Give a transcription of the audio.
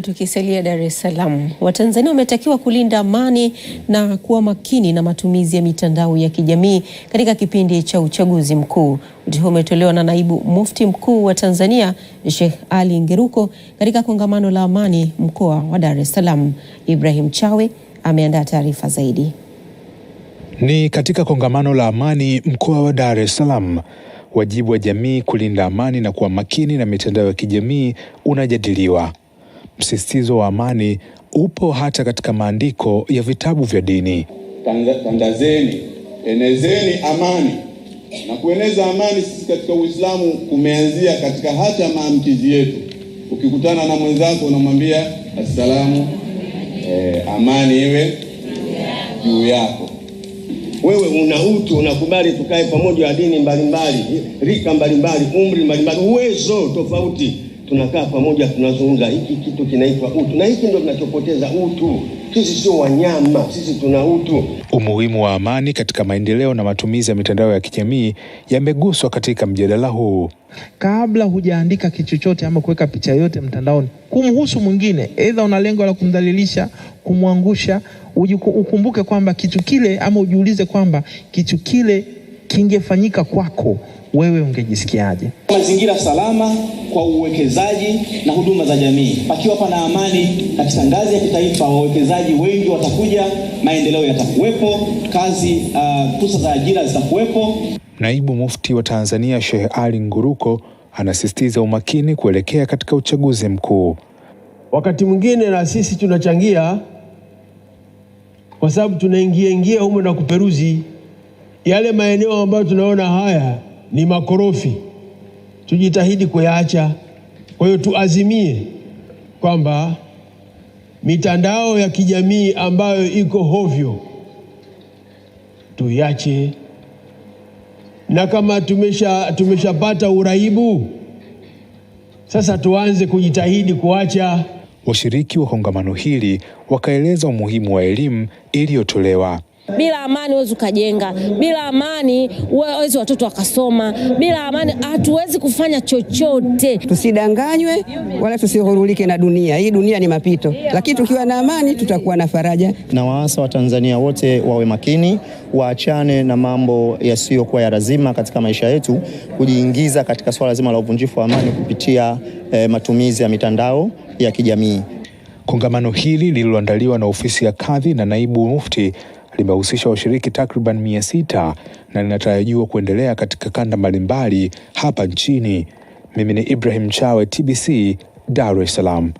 Tukisalia Dar es Salaam, Watanzania wametakiwa kulinda amani na kuwa makini na matumizi ya mitandao ya kijamii katika kipindi cha uchaguzi mkuu. Wito huo umetolewa na naibu mufti mkuu wa Tanzania Sheikh Ali Ngeruko katika kongamano la amani mkoa wa Dar es Salaam. Ibrahim Chawe ameandaa taarifa zaidi. Ni katika kongamano la amani mkoa wa Dar es Salaam, wajibu wa jamii kulinda amani na kuwa makini na mitandao ya kijamii unajadiliwa. Msisitizo wa amani upo hata katika maandiko ya vitabu vya dini. Tangazeni, enezeni amani na kueneza amani. Sisi katika Uislamu kumeanzia katika hata maamkizi yetu. Ukikutana na mwenzako unamwambia assalamu, eh, amani iwe juu yako. Wewe una utu, unakubali tukae pamoja, wa dini mbalimbali, rika mbalimbali, umri mbalimbali, uwezo tofauti tunakaa pamoja, tunazungumza hiki kitu kinaitwa utu, na hiki ndio kinachopoteza utu. Sisi sio wanyama, sisi tuna utu. Umuhimu wa amani katika maendeleo na matumizi ya mitandao ya kijamii yameguswa katika mjadala huu. Kabla hujaandika kichochote chochote ama kuweka picha yote mtandaoni kumhusu mwingine, aidha una lengo la kumdhalilisha, kumwangusha, ukumbuke kwamba kitu kile ama ujiulize kwamba kitu kile kingefanyika kwako wewe ungejisikiaje? Mazingira salama kwa uwekezaji na huduma za jamii. Pakiwa pana amani katika ngazi ya kitaifa, wawekezaji wengi watakuja, maendeleo yatakuwepo, kazi, uh, fursa uh, za ajira zitakuwepo. Naibu Mufti wa Tanzania Sheikh Ali Nguruko anasisitiza umakini kuelekea katika uchaguzi mkuu. Wakati mwingine na sisi tunachangia kwa sababu tunaingia ingia humo na kuperuzi yale maeneo ambayo tunaona haya ni makorofi, tujitahidi kuyaacha. Kwa hiyo tuazimie kwamba mitandao ya kijamii ambayo iko hovyo tuiache, na kama tumesha tumeshapata uraibu sasa tuanze kujitahidi kuacha. Washiriki wa kongamano hili wakaeleza umuhimu wa elimu iliyotolewa. Bila amani huwezi ukajenga, bila amani huwezi watoto wakasoma, bila amani hatuwezi kufanya chochote. Tusidanganywe wala tusihurulike na dunia hii. Dunia ni mapito, lakini tukiwa na amani tutakuwa na faraja. Na waasa Watanzania wote wawe makini, waachane na mambo yasiyokuwa ya lazima katika maisha yetu, kujiingiza katika swala zima la uvunjifu wa amani kupitia eh, matumizi ya mitandao ya kijamii. Kongamano hili lililoandaliwa na ofisi ya kadhi na naibu mufti limehusisha washiriki takriban mia sita na linatarajiwa kuendelea katika kanda mbalimbali hapa nchini. Mimi ni Ibrahim Chawe, TBC, Dar es Salaam.